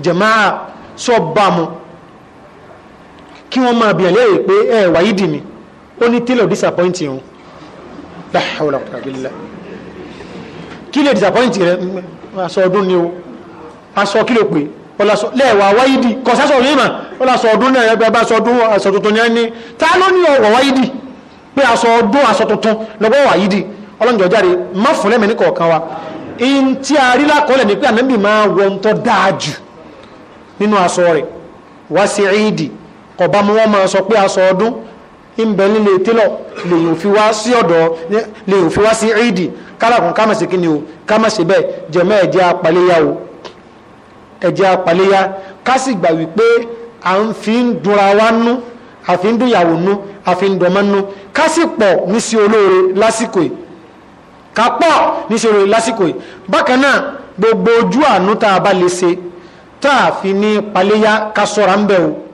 Jamaa sọ bá mu kí wọ́n máa bìyànjú èrè pé ẹ wáyé dì mí ó ní tailor disappoint òun láhàwọ̀lá kàbílá kí lè disappoint rẹ aṣọ ọdún ni o aṣọ kí ló pé ọlọsọ lẹ́ẹ̀wà wáyé dì kọ̀sásọ̀ òní mà ọlọsọ ọdún náà ẹgbẹ́ bá aṣọ ọdún aṣọ tuntun ni a ní ta ló ní ọwọ́ wáyé dì pé aṣọ ọdún aṣọ tuntun lọ́gbọ́ wáyé dì ọlọ́njọ́ jáde má fún lẹ́mìí ní kọ̀ọ̀kan wa in a rí lákọọ́lẹ̀ ni pé ànábì máa wọ́n tọ́ dáa jù nínú aṣọ rẹ̀ wá sí ìdì kọ̀bá mu wọ́n máa sọ pé aṣọ ọdún ìbẹ̀ nílé télọ̀ lèyìn fi wá sí ọ̀dọ̀ lèyìn fi wá sí ìdì kálàkùn ká má ṣe kíni o ká má ṣe bẹ́ẹ̀ jẹ̀mọ́ ẹ̀jẹ̀ apàléyà o ẹ̀jẹ̀ apàléyà ká sì gbà wípé à ń fi ń dunra wa nú àfi ń dùnyàwó nú àfi ń dọ̀mọ́ nú ká sì pọ̀ ní sí olóore lásìkò yìí ká pọ̀ ní sí olóore lásìkò yìí bákan náà gbogbo ojú àánú tá a bá lè ṣe táàfin ní paléyá ká sọ́ra ń bẹ̀ o.